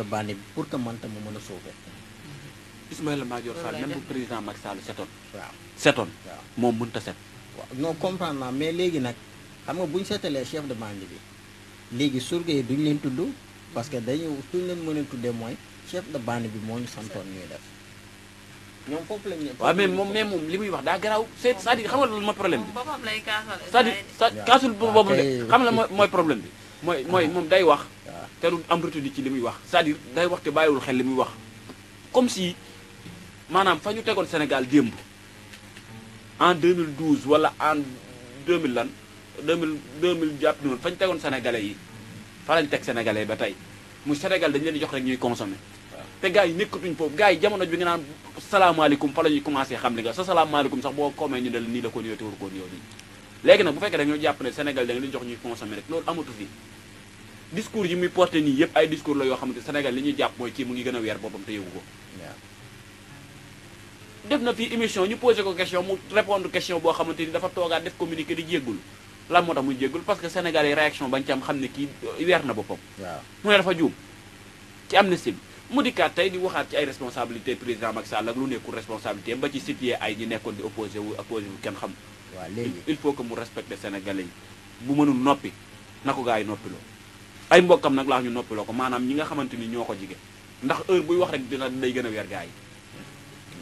de bi pour que man ma mën a sauver. Ismaïla Madior Fall même bu président Macky Sall setoon. waaw setoon. a set. waaw non comprendre naa mais léegi nag xam nga bu ñu seetalee chef de bande bi léegi surga yi duñ leen a tuddee bi foofu ne. waaw problème bi. mooy moom day wax. te du am retenu ci li muy wax saa à dire day wax te bàyyiwul xel li muy wax comme si maanaam fa ñu tegoon Sénégal démb en 2012 wala en 2000 lan 2000 2000 jàpp noonu fa ñu tegoon Sénégalais yi fa lañ teg Sénégalais ba tey mu Sénégal dañu leen jox rek ñuy consommer. te gars yi nekkatuñ foofu gars yi jamono bi nga naan salaamaaleykum fa la ñuy commencé xam li nga sa salaamaaleykum sax boo koomee ñu ne nii la ko nuyoo te war nag bu fekkee dañoo jàpp ne Sénégal da nga leen jox ñuy consommer loolu amatu fi. discours yi muy porté nii yëpp ay discours la yoo xamante Sénégal li ñuy jàpp mooy kii mu ngi gën a weer boppam te yëgu ko def na fii émission ñu posé ko question mu répondre question boo xamante ni dafa toogaat def communiqué di jéggul lan moo tax muy jéggul parce que Sénégal yi réaction bañ ci xam ne kii weer na boppam mu ne dafa juum ci amnistie bi mu dikkaat tey di waxaat ci ay responsabilité président Macky Sall ak lu nekkul responsabilité ba ci situé ay ñi nekkoon di opposé que mu respecte sénégalais yi bu mënul noppi na ko yi noppiloo ay mbokkam nag laa ñu noppiloo ko maanaam ñi nga xamante ni ñoo ko jige ndax heure buy wax rek dina day gën a weer gaa yi.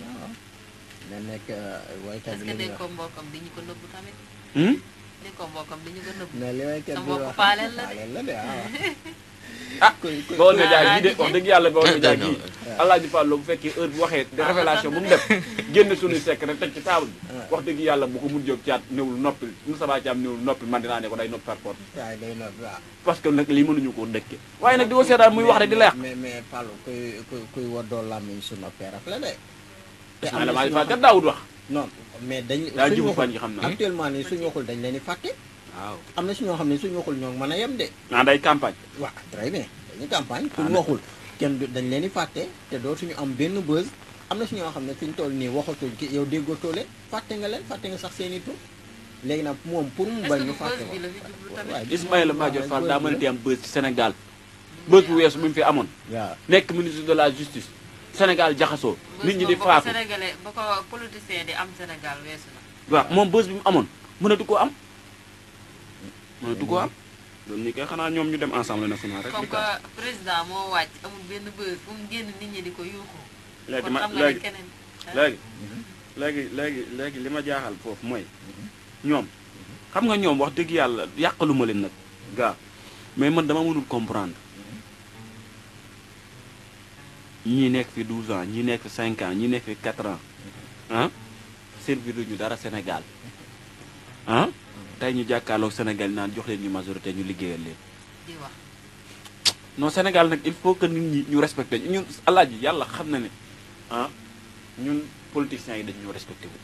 waaw na nekk euh, waykat bi li ko mbokkam di ñu ko nëbbu tamit. Hmm? ko mbokkam di ñu ko nëbbu. mais li may la de ah Baol Médias ah, gi de ah, wax dëgg yàlla Baol Médias gi ah, Alaaji Fallo bu fekkee heure waxee de révélation bu mu def génn suñuy sekk rek teg ci table bi wax dëgg yàlla bu ko mun jóg caat néewul noppi Moussa Ba Thiam néewul noppi man dinaa ne ko day noppi par force parce que nag lii mënuñu koo dëkke waaye nag di ko seetaan muy wax rek di la yàq mais mais Fallo la de te wax non mais dañ daa jibu xam na actuellement nii suñu waxul dañ leen di waaw am na si ñoo xam ne suñu waxul ñoo mën a yem de. ah day campagne. waaw très bien campagne. suñu ah, waxul kenn dañ leen di fàtte te dootuñu am benn buzz. am na si ñoo xam ne fi ñu toll nii waxatuñ ki yow déggoo toole fàtte nga leen fàtte nga sax seen i léegi nag moom pour mu bañ ñu fàtte ko waaw Ismaïla Madior Fall daa mën di am buzz ci Sénégal buzz bu weesu bu mu fi amoon. waaw nekk ministre de la justice. Sénégal jaxasoo. nit ñi di faatu buzz ba am Sénégal weesu waaw moom buzz bi mu amoon mën du ko am. mooy du ko am. Ah. ñoom ñi koy xanaa ñoom ñu dem assemblée nationale rek. comme que président moo wàcc amul benn bës bu mu di ko yuuxu. léegi ma mhm. léegi li ma jaaxal foofu mooy mhm. ñoom xam nga ñoom wax dëgg yàlla yàqalu ma leen nag gaa mais man dama mënul comprendre ñii nekk fi 12 ans ñii nekk fi 5 ans ñii nekk fi 4 ans ah servir duñu dara Sénégal ah tey ñu jàkkaarloog Sénégal naan jox leen ñu majorité ñu liggéeyal leen. di wax. non Sénégal nag il faut que nit ñi ñu ñu ñun alaaji yàlla xam na ne ah ñun politiciens yi dañu ñoo respecté wu.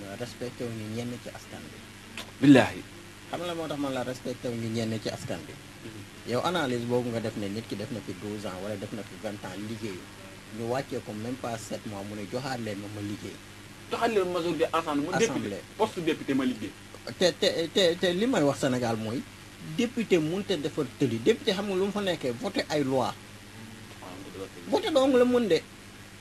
waaw respecté wu ñu ñenn ci askan bi. billaahi. xam na moo tax man la respecté wu ñu ñenn ci askan bi. Mm-hmm. yow analyse boobu nga def ne nit ki def na fi 12 ans wala def na fi 20 ans liggéeyu ñu wàccee comme même pas 7 mois mu ne joxaat leen ma ma liggéey. joxaat leen majorité assemblée mu député poste député ma liggéey. te te te te li may wax Sénégal mooy député mënut a defar tëli député xam nga lu mu fa nekkee voté ay loi voté dong la mën de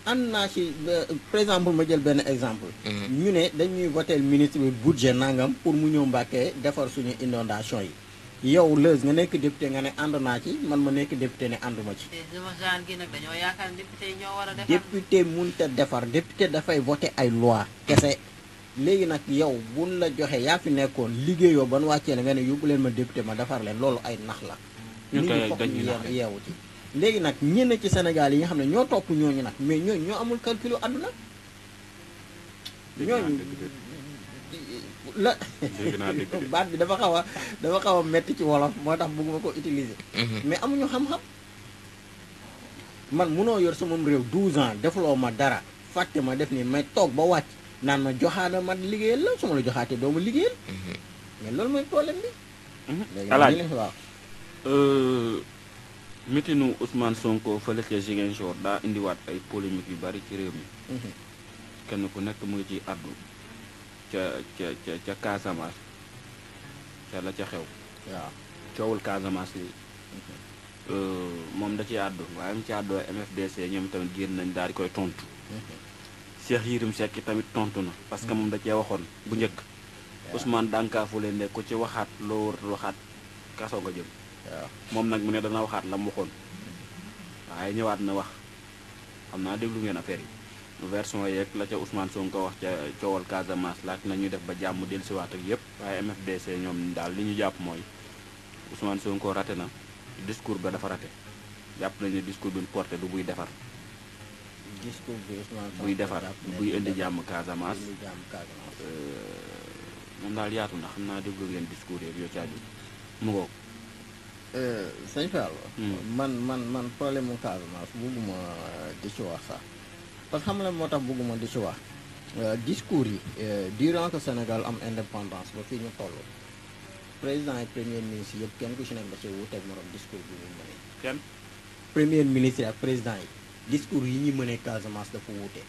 ànd naa ci euh, par exemple ma jël benn exemple. Mhm. ñu ne dañuy voté ministre bi budget nangam pour mu ñëw Mbàkke defar suñu inondation yi. yow Leuz nga nekk député nga ne ànd naa ci man ma nekk député ne ànduma ci. député mënut a defar député dafay voté ay loi kese. léegi nag yow buñ la joxe yaa fi nekkoon liggéeyoo ban wàccee la nga ne yóbbu leen ma député ma defar leen loolu ay nax la ñu fokk ñu yeewu ci léegi nag ñenn ci Sénégal yi nga xam ne ñoo topp ñooñu nag mais ñooñu ñoo amul calculu àdduna ñooñu la baat bi dafa xaw a dafa xaw a metti ci wolof moo tax bëgguma ko utiliser mhm. mais amuñu xam-xam man munoo yor sama réew 12 ans defuloo ma dara fàtte ma def nii mais toog ba wàcc naan ma joxaana man liggéeyal la su ma la joxaatee doo ma liggéeyal. Mm-hmm. mais loolu mooy problème bi. Mm-hmm. alaaj léegi euh, mitinu Ousmane Sonko fële ca Ziguinchor daa indiwaat ay polémique yu bari ci réew mi. Mm-hmm. kenn ku nekk mu ngi ci addu ca ca ca ca Casamance ca la ca xew. waaw coowul Casamance li euh, moom da ciy addu waaye mu ci àddoo MFDC ñoom tamit génn nañ daal di koy tontu. Cheikh Yérim sekk tamit tontu na parce que moom da cee waxoon bu njëkk Ousmane dànkaafu leen ne ku ci waxaat loo waxaat kaso nga jëm moom nag mu ne dana waxaat la waxoon waaye ñëwaat na wax xam naa déglu ngeen affaire yi version yeeg la ca Ousmane Sonko wax ca coowal Casamance laaj na ñuy def ba jàmm dellusiwaat ak yëpp waaye MFDC ñoom daal li ñu jàpp mooy Ousmane Sonko rate na discours ba dafa raté jàpp nañu ne discours bi mu porté du buy defar buy defar buy indi jàmm Casamance. Euh, moom daal yaatu na xam naa déglu ngeen discours yeeg yoo euh, hmm. man man man problème mu Casamance bugguma euh, di sax parce que xam nga moo tax bugguma di ci wax. discours yi durant que Sénégal am indépendance ba fi ñu toll président ak premier ministre yëpp kenn ku ci nekk da cee wuuteeg morom discours bi mu mënee. kenn premier ministre ak président yi. discours yi ñuy mënee Casamance dafa wuute.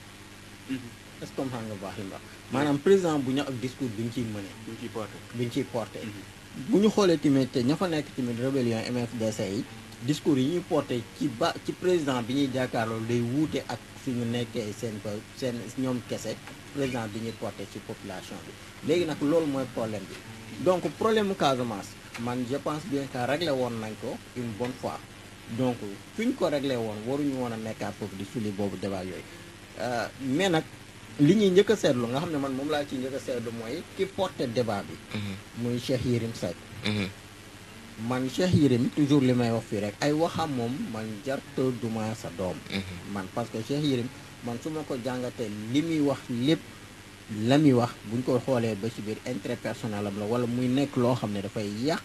Mm-hmm. est-ce que comprendre nga baax li mbaax maanaam président bu ñu ak discours bi ñu ciy mënee. bi ñu ciy porté ñu ciy porté. Mm-hmm. bu ñu xoolee tamit ña fa nekk tamit rébellion MFDC yi discours yi ñuy porté ci ba ci président bi ñuy jàkkaarloo day wuute ak ñu nekkee seen seen ñoom kese président bi ñuy porté ci population bi léegi nag loolu mooy problème bi donc problème mu Casamance man je pense bien ka réglé woon nañ ko une bonne fois. donc fi ko réglé woon waruñu woon a nekkaat foofu di suli boobu débat yooyu euh, mais nag li ñuy njëkk seetlu nga xam ne man moom laa ci njëkk a seetlu mooy ki porté débat bi mm-hmm. muy Cheikh Yérim Seck mm-hmm. man Cheikh Yérim toujours li may wax fii rek ay waxam moom man jarta duma sa doom mm-hmm. man parce que Cheikh Yérim man su ma ko jàngatee li muy wax lépp la muy wax buñ ko xoolee ba ci biir intérêt personnel am la wala muy nekk loo xam ne dafay yàq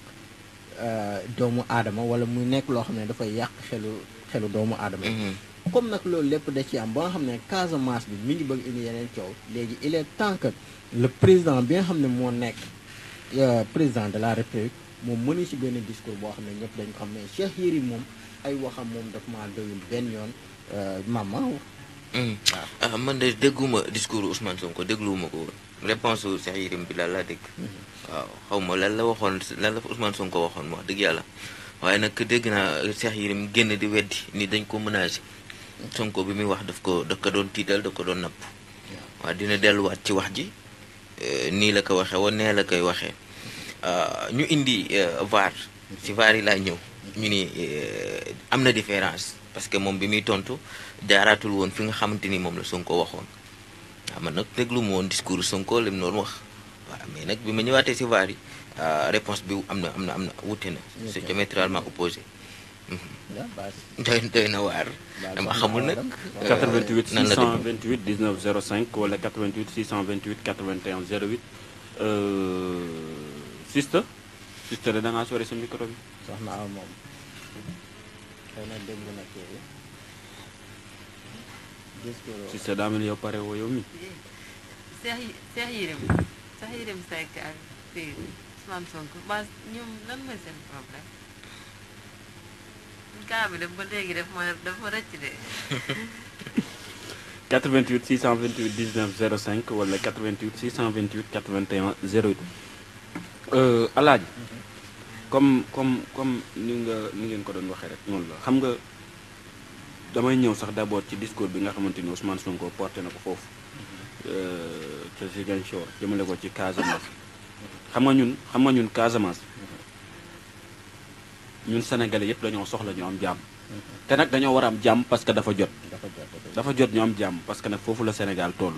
Euh, doomu aadama wala muy nekk loo xam ne dafay yàq xelu xelu doomu aadama yi mhm. comme nag loolu lépp da ci am ba nga xam ne Casamance bi mi ngi bëgg indi yeneen coow léegi il est temps que le président bi nga xam ne moo nekk euh, président de la république moom mënu ci benn discours boo xam ne ñëpp dañ ko xam ne Cheikh yi moom ay waxam moom dafa maa doyul benn yoon euh, maam waaw mm. ah. ah, man de dégguma discours Ousmane Sonko dégluwuma ko woon réponse u Cheikh Yérim bi daal laa dégg mm-hmm. waaw xaw ma lan la waxoon lan la Ousmane Sonko waxoon wax dëgg yàlla waaye nag dégg naa Cheikh Yérim génn di weddi ni dañ ko menacé mm-hmm. Sonko bi muy wax daf ko daf ko doon tiital daf ko doon napp waaw dina delluwaat ci wax ji eh, nii la ko waxee woon nee la koy waxee ah, ñu indi eh, vaar mm-hmm. ci vaar yi laa ñëw ñu ni eh, am na différence parce que moom bi muy tontu jaaraatul woon fi nga xamante ni moom la Sonko waxoon waaw man nag déglu ma woon discours Sonko li mu doon wax waaw mais nag bi ma ñëwaatee si vaar yi euh, réponse bi am na am na am na wute na. c'est diamétralement opposé. doy doy na waar. dama xamul nag. 88 628 19 05 wala 88 628 81 08. Sista. Sista da ngaa sori sa Cissé daa mel yow pare woo yow mi Cheikh Cheikh Yérim Cheikh Yérim Seck ak kii Ousmane Sonko waa ñoom lan mooy seen problème kaa bi dem ba léegi daf ma daf ma rëcc de. 88 628 19 05 wala 88 628 81 08 Alaaji mhm. comme comme comme ni nga ni ngeen ko doon waxee rek noonu la xam nga. damay ñëw sax d'abord ci discours bi nga xamante ni Ousmane Sonko porte na ko foofu ca euh, Ziguinchor jëmale ko ci Casamance xam nga ñun xam nga ñun Casamance ñun sénégalais yëpp dañoo soxla ñu am jàmm te nag dañoo war a am jàmm parce que dafa jot dafa jot ñu am jàmm parce que nag foofu la Sénégal toll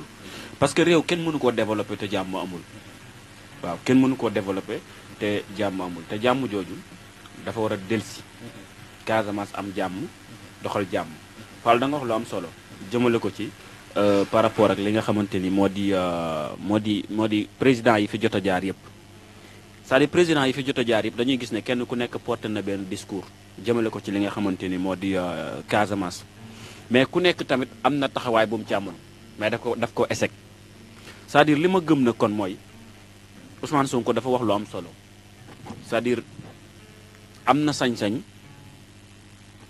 parce que réew kenn mënu koo développé te jàmm amul waaw kenn mënu koo développé te jàmm amul te jàmm jooju dafa war a delsi Casamance am jàmm doxal jàmm Fall da nga wax lu am solo jëmale ko ci euh, par rapport ak li nga xamante ni moo di euh, moo di moo di président yi fi jot a jaar yëpp cest à président yi fi jot a jaar yëpp dañuy gis ne kenn ku nekk porté na benn discours jëmale ko ci li nga xamante ni moo di euh, Casamance mais ku nekk tamit am na taxawaay bu ci amoon mais daf ko daf ko échec cest à li ma gëm na kon mooy Ousmane ko dafa wax lu am solo cest à am na sañ-sañ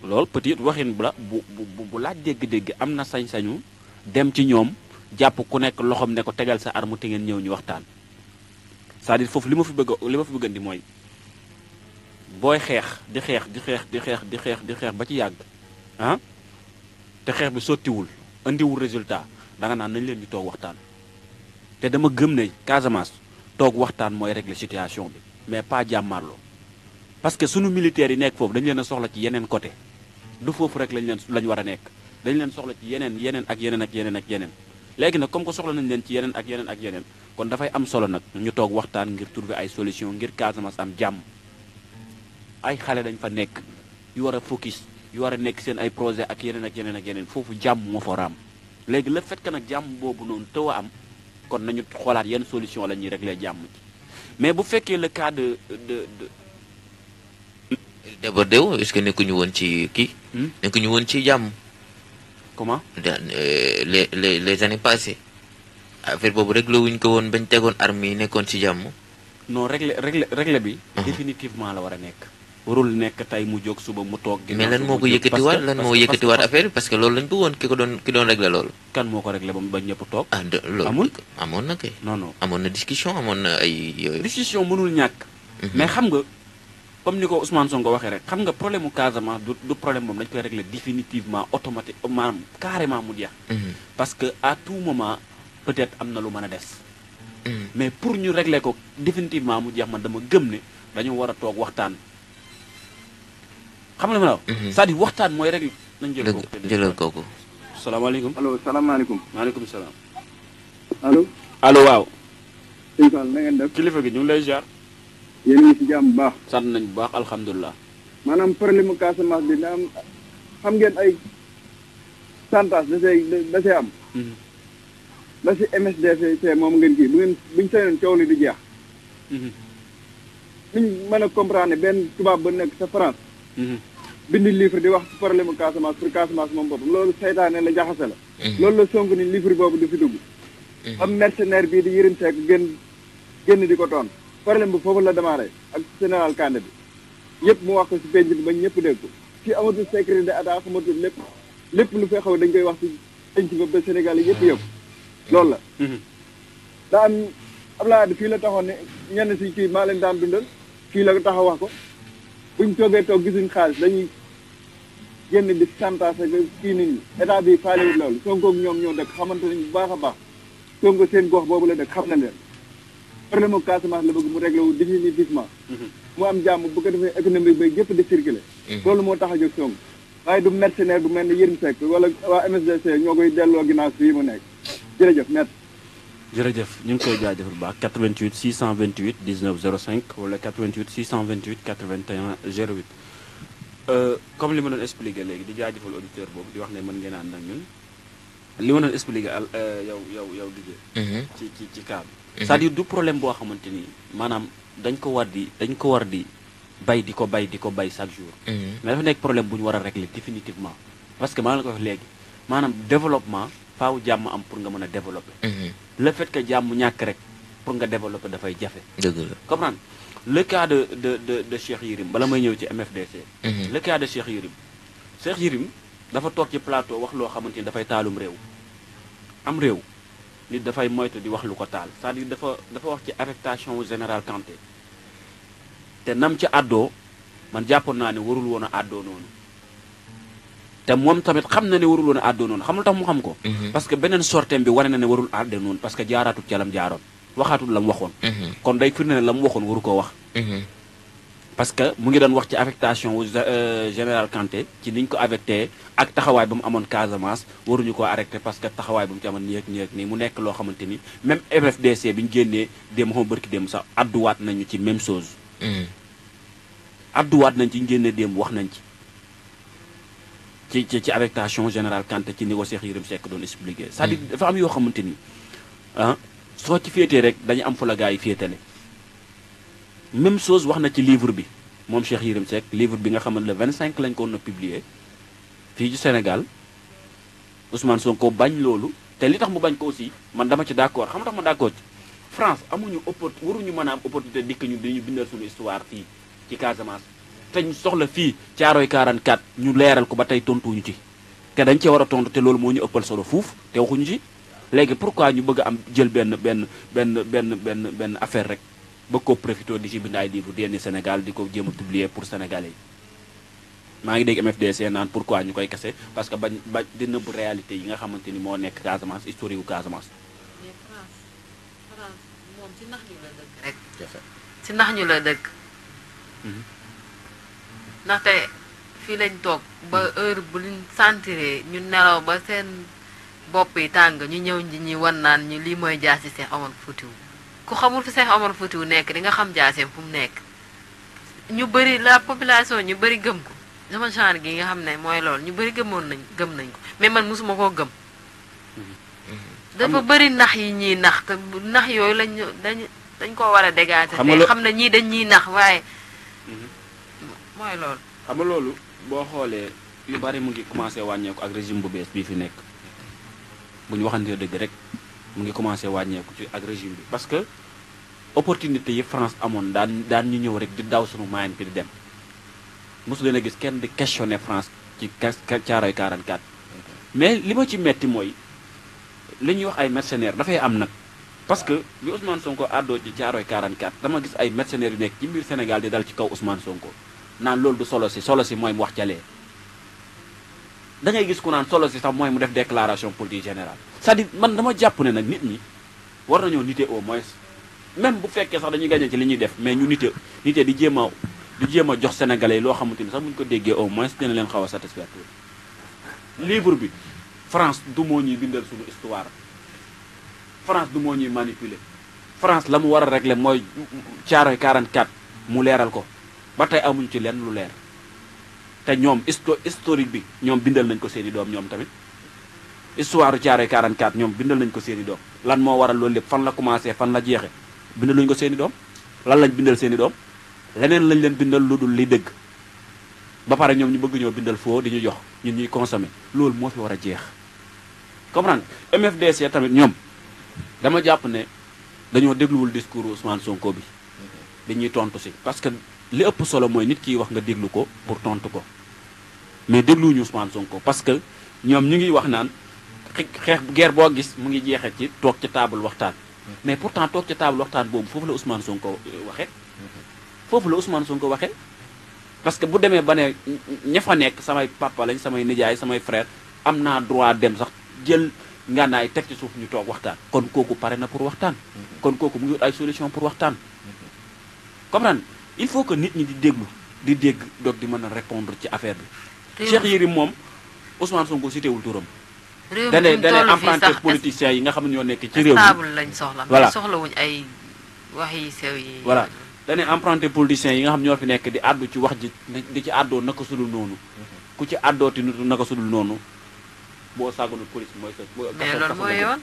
loolu peut-être waxin bu la bu bu bu laaj dégg-dégg am na sañ-sañu dem ci ñoom jàpp ku nekk loxoom ne ko tegal sa arme te ngeen ñëw ñu waxtaan cest à foofu li ma fi bëgg li ma fi bëggandi mooy booy xeex di xeex di xeex di xeex di xeex di xeex ba ci yàgg ah te xeex bi sottiwul indiwul résultat danga naan nañ leen ñu toog waxtaan te dama gëm ne Casamance toog waxtaan mooy régler situation bi mais pas jàmmarloo parce que sunu militaires yi nekk foofu dañu leen soxla ci yeneen côté du foofu rek lañu leen lañ war a nekk dañ leen soxla ci yeneen yeneen ak yeneen ak yeneen ak yeneen léegi nag comme que soxla nañ leen ci yeneen ak yeneen ak yeneen kon dafay am solo nag ñu toog waxtaan ngir trouver ay solution ngir Casamance am jàmm ay xale dañ fa nekk yu war a focus yu war a nekk seen ay projet ak yeneen ak yeneen ak yeneen foofu jàmm moo fa raam léegi le fait que nag jàmm boobu noonu tëw a am kon nañu xoolaat yenn solution la ñuy régler jàmm mais bu fekkee le cas de de nekkuñu woon ci kii. nekk ñu woon ci jàmm. le les les les années passées affaire ah, boobu réglé ko woon bañ tegoon armes yi nekkoon ci jàmm. non réglé réglé réglé bi. définitivement la war a nekk. warul nekk tey mu jóg suba mu toog. mais lan moo ko yëkkatiwaat lan moo yëkkatiwaat affaire bi parce que loolu lañ bëggoon ki ko doon ki doon réglé loolu. kan moo ko réglé ba ba ñëpp toog. ah de loolu amul amoon na kay. non non amoon na discussion amoon na ay yooyu. discussion mënul ñàkk. mais mhm. xam nga. comme ni ko Ousmane Sonko waxee rek xam nga problème mu Casamance du du problème moom dañ koy régler définitivement automatique maanaam carrément mu jeex. Mhm. parce que à tout moment peut-être am na lu mën a des. Mhm. mais pour ñu régler ko définitivement mu jeex ma dama gëm ne dañu war a toog waxtaan. xam nga ma la wax. Mhm. cest waxtaan mooy régler. nañ jël kooku jëlal kooku. salaamaaleykum allo salaamaaleykum. maaleykum salaam. alo allo waaw. kilifa gi ñu lay ziar. yéen a ci jàmm bu baax. sant nañ bu baax alhamdulilah. maanaam problème mu Casamance bi am xam ngeen ay santas da see da see am. la hmm. si MSDC moom ngeen kii bu ngeen buñ sañoon coow li di jeex. niñ hmm. mën a comprendre benn tubaab bu nekk sa France. Hmm. bind livre di wax problème mu Casamance pour Casamance moom boppam loolu seytaane la jaxase la. loolu la sonk ni livre boobu du fi dugg. am mercenaire bii di Yërim Seck gën génn di ko toon problème bi foofu la démarré ak général Kandé bi yëpp mu wax ko si penc bi ba ñëpp dégg ko fii amatul secret de attaque amatul lépp lépp lu fay xaw dañ koy wax si penc ba ba Sénégal yi yëpp yëpp loolu la mhm. daa am Abdoulaye fii la taxoon ne ñenn si kii maa leen daan dundal fii la taxaw wax ko buñ toogee toog gisuñ xaalis dañuy génn di santaase kii nii ñi état bi faalewul loolu Sonko ñoom ñoo dëkk xamante nañ bu baax a baax Sonko seen gox boobu la dëkk xam na leen problème mu Casamance la bëgg mu réglé wu définitivement. Mhm. mu am jàmm bu ko defee économique bay gépp di circuler. Mhm. loolu moo tax a jóg Sonko. waaye du mercenaire bu mel ni Yérim Seck wala waa MSDC ñoo koy delloo ginnaaw fii mu nekk jërëjëf merci. jërëjëf ñu ngi koy jaajëfal baax 88 628 19 05 wala 88 628 81 08. comme li ma doon expliqué léegi di jaajëfal auditeur boobu di wax ne mën ngeen ànd ak ñun li ma doon expliqué al euh, yow yow yow Didier. Mhm. ci ci ci cas Mhm. cest à du problème boo xamante ni maanaam dañ ko war di dañ ko war di bay di ko bay di ko bay chaque jour. Mhm. mais dafa nekk problème bu ñu war a régler définitivement. parce que maa ngi la ko wax léegi maanaam développement faaw jàmm am pour nga mën a développer. Mhm. le fait que jàmm ñàkk rek pour nga développer dafay jafe. dëgg la comprendre le de de de de Cheikh Yérim bala may ñëw ci MFDC. le cas de Cheikh Yérim Cheikh Yérim dafa toog ci plateau wax loo xamante ni dafay taalum réew am réew. nit dafay moytu di wax lu ko taal cest à dafa dafa wax ci arrestation wu général Kanté te nam ci àddoo man jàppoon naa ne warul woon a àddoo noonu te moom tamit xam na ne warul woon a àddoo noonu xam tax mu xam ko. Mhm. parce que beneen sorteem bi ware na ne warul àddoo noonu parce que jaaraatul ca lam jaaroon waxaatul la waxoon. Mhm. kon day firnde ne la waxoon waru ko wax. Mhm. parce que mu ngi doon wax ci affectation wu euh, général Kanté ci ñu ko affecté ak taxawaay ba mu amoon Casamance waruñu ko arrêté parce que taxawaay ba mu ci amoon nii ak nii ak nii mu nekk loo xamante ni même FFDC bi ñu génnee démb xam bërki démb sax adduwaat nañu ci même chose. Mm. adduwaat nañ ci ñu génnee wax nañ ci. ci ci ci affectation général Kanté ci ni ko Cheikh Yérim Seck doon expliqué. cest à mm. dafa am yoo xamante ni ah soo ci féetee rek dañu am fu la gars yi féetale. même chose wax na ci livre bi moom Cheikh Yérim Seck livre bi nga xamante le cinq lañ ko na a publier fii ci Sénégal Ousmane Sonko bañ loolu te li tax mu bañ ko aussi man dama ci d'accord xam tax ma d'accord ci France amuñu oppor waruñu mën a am opportunité dikk ñu ñu bindal suñu histoire fii ci Casamance te ñu soxla fii caaro Caaroy 44 ñu leeral ko ba tey tontuñu ci te dañ cee war a tontu te loolu moo ñu ëppal solo fuuf te waxuñu ci léegi pourquoi ñu bëgg a am jël benn benn benn benn benn benn affaire rek bëgg ko profité di ci bind ay livre di yenn Sénégal di ko jéem a publier pour sénégalais yi maa ngi dégg MFDC naan pourquoi ñu koy kese parce que bañ ba di nëbb réalité yi nga xamante ni moo nekk Casamance historique gu Casamance. mais France ci nax ñu la dëkk mhm. ndaxte fii lañ toog ba heure bu ñu sentiree ñu nelaw ba seen bopp yi tàng ñu ñëw ñi ñi wan naan ñu lii mooy jaasi Seex awoon Fuutiyu ku xamul fu Seex Omar Fuutiyu nekk di nga xam jaaseem fu mu nekk ñu bëri la population ñu bëri gëm ko sama genre gi nga xam ne mooy lool ñu bëri gëmoon nañ gëm nañ ko mais man mosuma koo gëm mm-hmm. dafa bëri nax yi ñii nax te nax yooyu lañ dañ dañ koo war a dégager xam na ñii dañ ñuy nax waaye mm-hmm. mooy loolu xam nga loolu boo xoolee yu bari mu ngi commencé wàññeeku ak régime bu bees bii fi nekk bu ñu waxantee dëgg rek mu ngi commencé wàññeeku ci ak régime bi parce que opportunité yi France amoon daan daan ñu ñëw rek di daw suñu moyen bi di dem mosu leen a gis kenn di questionner France ci caaroy 44 mais li ma ci metti mooy li ñuy wax ay mercenaires dafay am nag parce que bi Ousmane Sonko àddoo ci caaroy 44 dama gis ay mercenaires yu nekk ci biir Sénégal di dal ci kaw Ousmane Sonko naan loolu du solo si solo si mooy mu wax jalee da gis ku naan solo si sax mooy mu def déclaration politique générale c'est-à-dire man dama jàpp ne nag nit ñi war nañoo nite au moins même bu fekkee sax dañuy gagné ci li ñuy def mais ñu nite nite di jéem a di jéem a jox sénégalais loo xamante ni sax buñ ko déggee au moins dina leen xaw a satisfaire livre bi France du moo ñuy bindal suñu histoire France du moo ñuy manipuler France la mu war a régler mooy caaroy 44 mu leeral ko ba tey amuñ ci leen lu leer te ñoom histo historique bi ñoom bindal nañ ko seeni doom ñoom tamit histoire Thiaroye 44 ñoom bindal nañ ko seeni doom lan moo waral loolu lépp fan la commencé fan la jeexe bindaluñ ko seeni doom lan lañ bindal seeni doom leneen lañ leen bindal lu dul li dégg ba pare ñoom ñu bëgg ñoo bindal foo di ñu jox ñun ñuy consommer loolu moo fi war a jeex comprendre MFDC tamit ñoom dama jàpp ne dañoo dégluwul discours Ousmane Sonko bi dañuy tontu si parce que li ëpp solo mooy nit kiy wax nga déglu ko pour tontu ko mais dégluwuñu Ousmane Sonko xeex guerre boo gis mu ngi jeexee ci toog ci table waxtaan mais pourtant toog ci table waxtaan boobu foofu la Ousmane Sonko euh, waxee foofu la Ousmane Sonko waxee parce que bu demee ba ne ña fa nekk samay papa samay nijaay samay frère am naa droit dem sax jël ngànnaay teg ci suuf ñu toog waxtaan kon kooku pare na pour waxtaan kon kooku mu ngi wut ay solution pour waxtaan comprendre il faut que nit ñi di déglu di dégg doog di mën a répondre ci affaire bi Cheikh Yérim moom Ousmane Sonko cité wul turam danay danay emprunté politiciens yi nga xam ne ñoo nekk ci réew mi lañ soxla voilà soxlawuñ ay wax yi sew yi voilà danay emprunté politiciens yi nga xam ñoo fi nekk di àddu ci wax ji di ci àddoo naka sudul noonu mhm. ku ci àddooti naka sudul noonu boo saagoonul police mooy sa mais loolu mooy yoon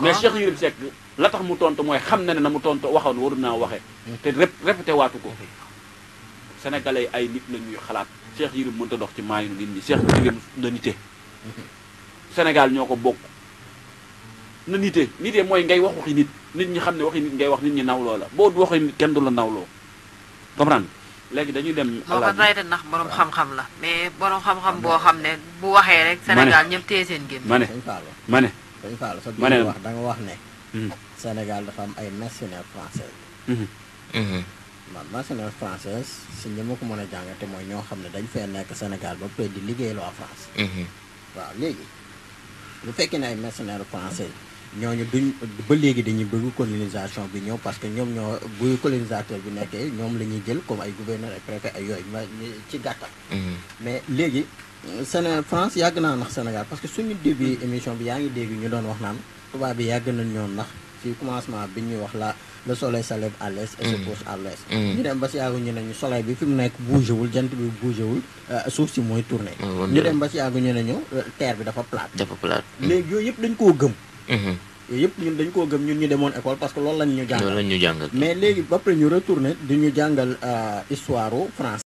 mais la tax mu tontu mooy xam na ne na mu tontu waxoon waru naa waxee mhm. te répété waatu ko mhm. sénégalais ay nit la ñuy xalaat Cheikh Yérim mënta dox ci maayinu nit ñi Cheikh Yérim na nite Sénégal ñoo ko bokk na nite nite mooy ngay wax waxi nit nit ñi xam ne waxi nit ngay wax nit ñi nawloo la boo waxi nit kenn du la nawloo comprendre léegi dañuy dem. alaaj moo ko ndax borom xam-xam la. mais borom xam-xam boo xam ne bu waxee rek. Sénégal ñëpp téye seen génn. ma ne ma ne. dañ faa la sa biir wax da wax ne. Hmm. Sénégal dafa am ay mercenaires français. Hmm. Hmm. man nationale française si ñi ma ko mën a jàngate mooy ñoo xam ne dañu fee nekk Sénégal ba pare di liggéeyal waa France. waaw léegi. lu fekkee ne ay mercenaires français ñooñu duñ ba léegi dañuy bëgg colonisation bi ñëw parce que ñoom ñoo buy colonisateur bi nekkee ñoom la ñuy jël comme ay gouverneur ay préfet ay yooyu ma ci gàttal. Mm-hmm. mais léegi Sénégal France yàgg naa nax Sénégal parce que suñu début émission bi yaa ngi dégg ñu doon wax naan tubaab bi yàgg nañ ñoo nax. ci commencement bi ñuy wax la le soleil se lève à l'est et se mm. à l'ouest mm. ñu dem ba si yàggu ñu ne ñu soleil bi fi mu nekk bougé wul jant bi bougé wul euh, suuf si mooy tourné ah, ñu dem ba si yàggu ñu ñu euh, terre bi dafa plate dafa plate mm. léegi yooyu yëpp dañ koo gëm mm-hmm. yooyu yëpp ñun dañ koo gëm ñun ñu demoon école parce que loolu lañ ñu jàngal mais léegi ba pare ñu retourné di ñu jàngal euh, histoire France